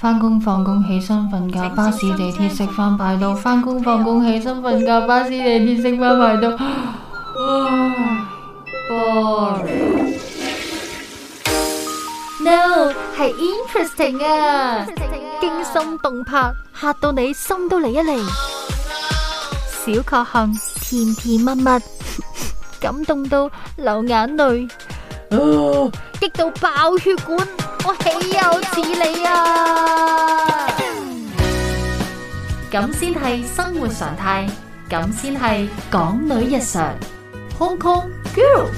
翻工放工，起身瞓覺，巴士地鐵食飯排隊。翻工放工，起身瞓覺，巴士地鐵食飯排隊。哇，boring！No，係 interesting 啊，驚心動魄，嚇到你心都嚟一嚟。小確幸，甜甜蜜蜜，感動到流眼淚，激到爆血管。我豈有此理啊！咁先係生活常態，咁先係港女日常。Hong Kong girl，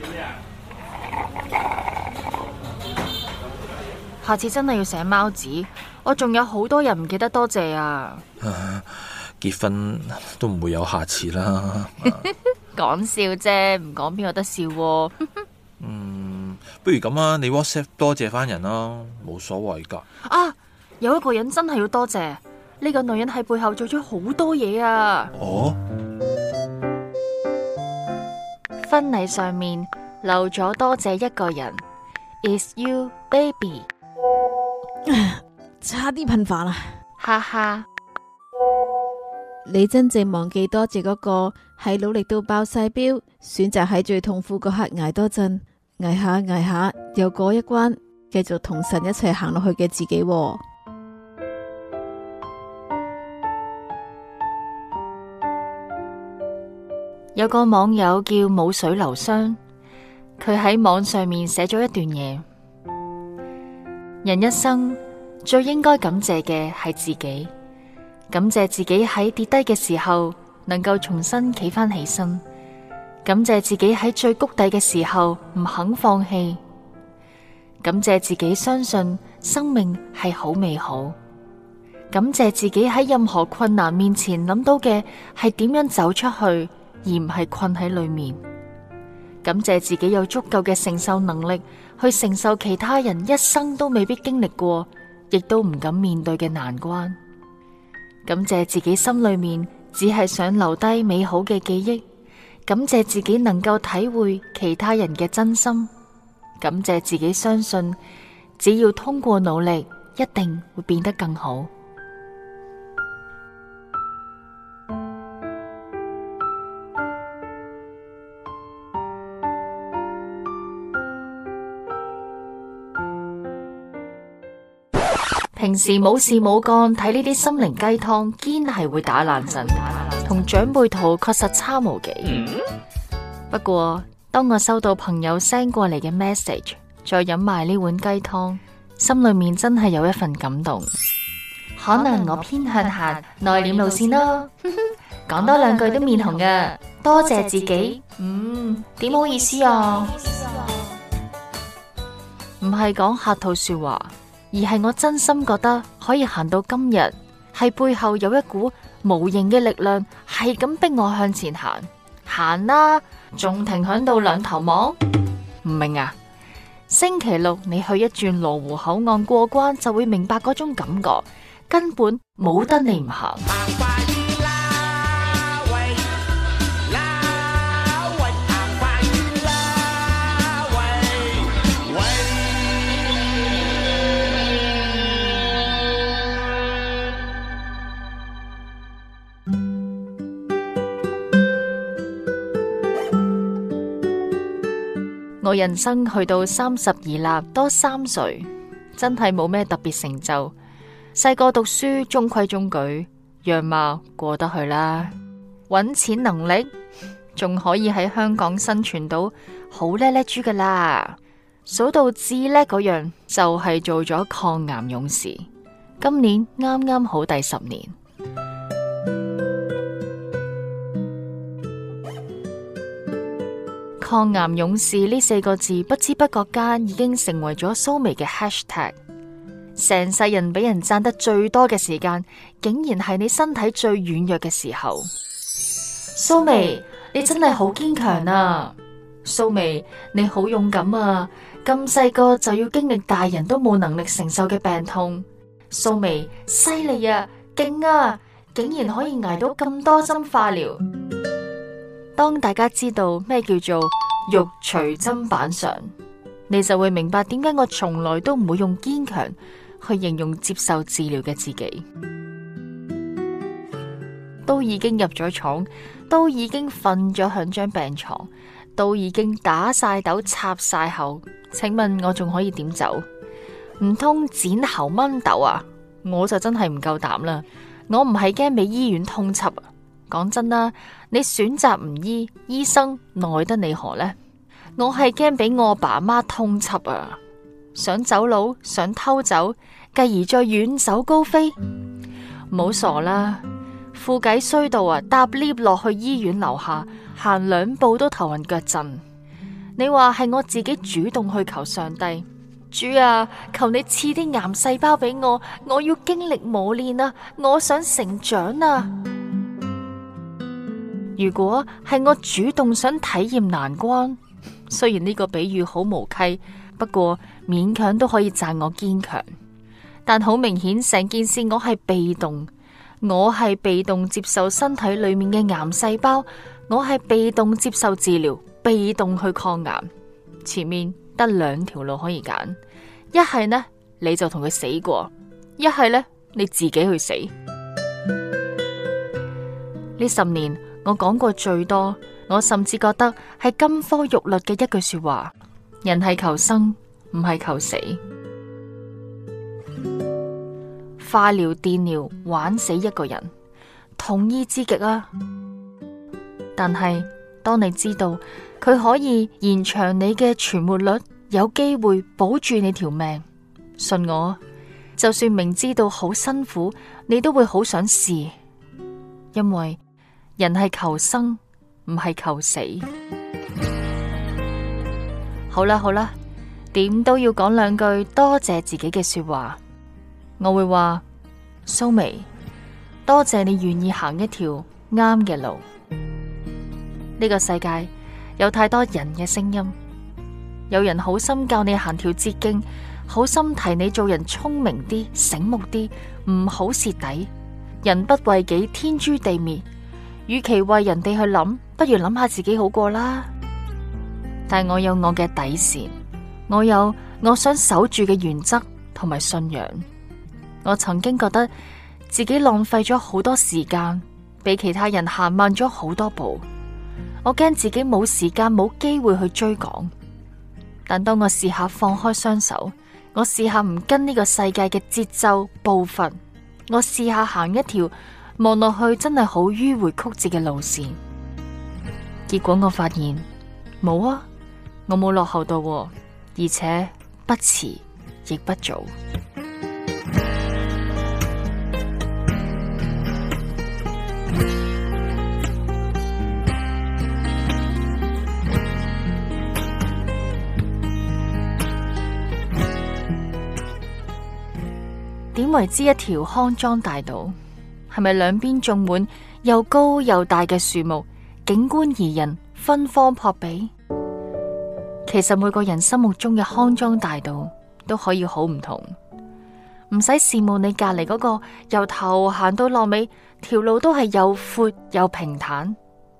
嗯，下次真係要寫貓紙，我仲有好多人唔記得多謝啊！結婚都唔會有下次啦。講笑啫，唔講邊有得笑啊？ 不如咁啊，你 WhatsApp 多謝返人啦，冇所謂噶。啊，有一個人真係要多謝，呢、這個女人喺背後做咗好多嘢啊！哦，婚禮上面漏咗多謝一個人，Is you babe， 差啲噴飯啦，哈哈。你真正忘記多謝嗰、那個，係努力到爆晒標，選擇喺最痛苦個刻捱多陣。捱下捱下，又過一關，繼續同神一齊行落去嘅自己，哦。有個網友叫冇水流霜，佢喺網上面寫咗一段嘢：人一生最應該感謝嘅係自己，感謝自己喺跌低嘅時候能夠重新企翻起身。感謝自己喺最谷底嘅時候唔肯放棄，感謝自己相信生命係好美好，感謝自己喺任何困難面前諗到嘅係點樣走出去，而唔係困喺裏面。感謝自己有足夠嘅承受能力去承受其他人一生都未必經歷過，亦都唔敢面對嘅難關。感謝自己心裏面只係想留低美好嘅記憶。感謝自己能夠體會其他人嘅真心，感謝自己相信，只要通過努力，一定會變得更好。平時冇事冇幹睇呢啲心靈雞湯，堅係會打冷震，同長輩圖確實差無幾。嗯、不過當我收到朋友 send 過嚟嘅 message，再飲埋呢碗雞湯，心裏面真係有一份感動。可能我偏向行內斂路線咯，講 多兩句都面紅㗎。多謝自己，嗯，點好意思啊？唔係講客套說話。而係我真心覺得可以行到今日，係背後有一股無形嘅力量，係咁逼我向前行。行啦、啊，仲停響度兩頭望，唔明啊！星期六你去一轉羅湖口岸過關，就會明白嗰種感覺，根本冇得你唔行。我人生去到三十而立多三歲，真係冇咩特別成就。細個讀書中規中矩，樣貌過得去啦。揾錢能力仲可以喺香港生存到，好叻叻豬噶啦。數到至叻嗰樣就係、是、做咗抗癌勇士，今年啱啱好第十年。抗癌勇士呢四個字，不知不覺間已經成為咗蘇眉嘅 hashtag。成世人俾人讚得最多嘅時間，竟然係你身體最軟弱嘅時候。蘇眉，你真係好堅強啊！蘇眉，你好勇敢啊！咁細個就要經歷大人都冇能力承受嘅病痛。蘇眉，犀利啊！勁啊！竟然可以捱到咁多針化療。當大家知道咩叫做肉隨砧板上，你就會明白點解我從來都唔會用堅強去形容接受治療嘅自己。都已經入咗廠，都已經瞓咗響張病床，都已經打晒豆插晒喉，請問我仲可以點走？唔通剪喉掹豆啊？我就真係唔夠膽啦！我唔係驚俾醫院通緝講真啦，你選擇唔醫，醫生奈得你何呢？我係驚俾我爸媽通緝啊！想走佬，想偷走，繼而再遠走高飛。冇傻啦，富計衰到啊，搭 lift 落去醫院樓下，行兩步都頭暈腳震。你話係我自己主動去求上帝，主啊，求你賜啲癌細胞俾我，我要經歷磨練啊，我想成長啊！如果係我主動想體驗難關，雖然呢個比喻好無稽，不過勉強都可以讚我堅強。但好明顯，成件事我係被動，我係被動接受身體裏面嘅癌細胞，我係被動接受治療，被動去抗癌。前面得兩條路可以揀，一係呢你就同佢死過，一係呢你自己去死。呢十年。我講過最多，我甚至覺得係金科玉律嘅一句說話：人係求生唔係求死。化療、電療玩死一個人，痛醫之極啊！但係當你知道佢可以延長你嘅存活率，有機會保住你條命，信我，就算明知道好辛苦，你都會好想試，因為。人係求生，唔係求死。好啦，好啦，點都要講兩句多謝自己嘅說話。我會話蘇媚，多謝你願意行一條啱嘅路。呢個世界有太多人嘅聲音，有人好心教你行條捷徑，好心提你做人聰明啲、醒目啲，唔好蝕底。人不為己，天誅地滅。與其為人哋去諗，不如諗下自己好過啦。但我有我嘅底線，我有我想守住嘅原則同埋信仰。我曾經覺得自己浪費咗好多時間，比其他人行慢咗好多步。我驚自己冇時間、冇機會去追趕。但當我試下放開雙手，我試下唔跟呢個世界嘅節奏步伐，我試下行一條。望落去真係好迂回曲折嘅路線，結果我發現冇啊，我冇落後到，而且不遲亦不早。點 為之一條康莊大道？係咪兩邊種滿又高又大嘅樹木，景觀宜人，芬芳撲鼻？其實每個人心目中嘅康莊大道都可以好唔同，唔使羨慕你隔籬嗰個由頭行到落尾條路都係又闊又平坦。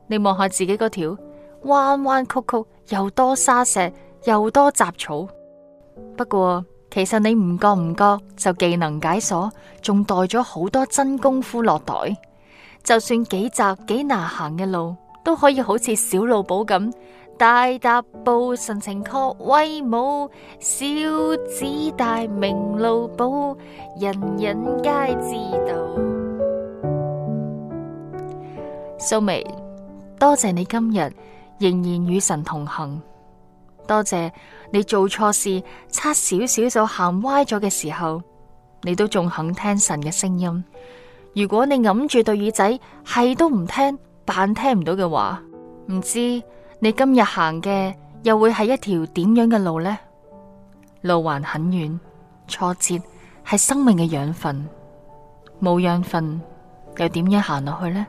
你望下自己嗰條彎彎曲曲，又多沙石，又多雜草。不過。其實你唔覺唔覺就技能解鎖，仲帶咗好多真功夫落袋。就算幾窄幾難行嘅路，都可以好似小路寶咁 大踏步，神情確威武。小子大名路寶，人人皆知道。蘇媚，多謝你今日仍然與神同行。多謝你做錯事差少少就行歪咗嘅時候，你都仲肯聽神嘅聲音。如果你揞住對耳仔係都唔聽，扮聽唔到嘅話，唔知你今日行嘅又會係一條點樣嘅路呢？路還很遠，挫折係生命嘅養分，冇養分又點樣行落去呢？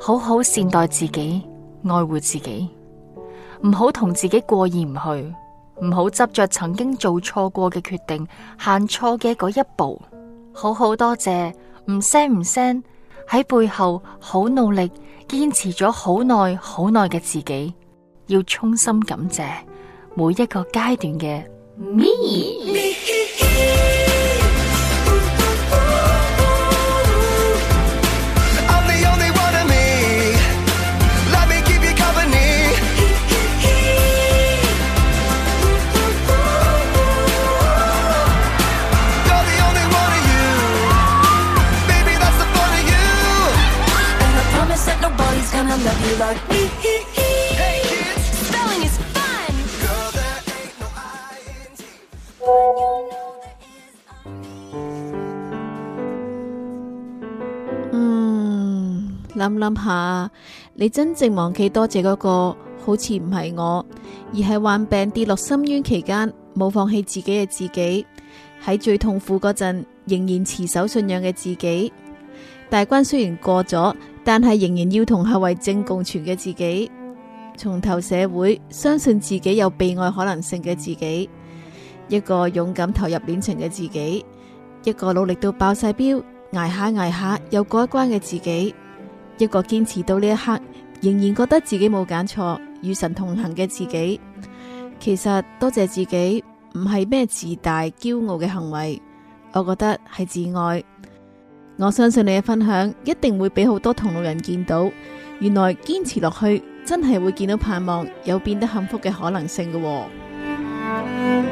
好好善待自己，愛護自己。唔好同自己過意唔去，唔好執着曾經做錯過嘅決定、行錯嘅嗰一步。好好多謝唔聲唔聲喺背後好努力堅持咗好耐好耐嘅自己，要衷心感謝每一個階段嘅 me。諗諗下，你真正忘記多謝嗰個，好似唔係我，而係患病跌落深淵期間冇放棄自己嘅自己，喺最痛苦嗰陣仍然持守信仰嘅自己。大關雖然過咗，但係仍然要同後遺症共存嘅自己。從頭社會相信自己有被愛可能性嘅自己，一個勇敢投入戀情嘅自己，一個努力到爆晒標，挨下挨下又過一關嘅自己。一個堅持到呢一刻，仍然覺得自己冇揀錯，與神同行嘅自己，其實多謝自己，唔係咩自大驕傲嘅行為，我覺得係自愛。我相信你嘅分享一定會俾好多同路人見到，原來堅持落去真係會見到盼望，有變得幸福嘅可能性嘅。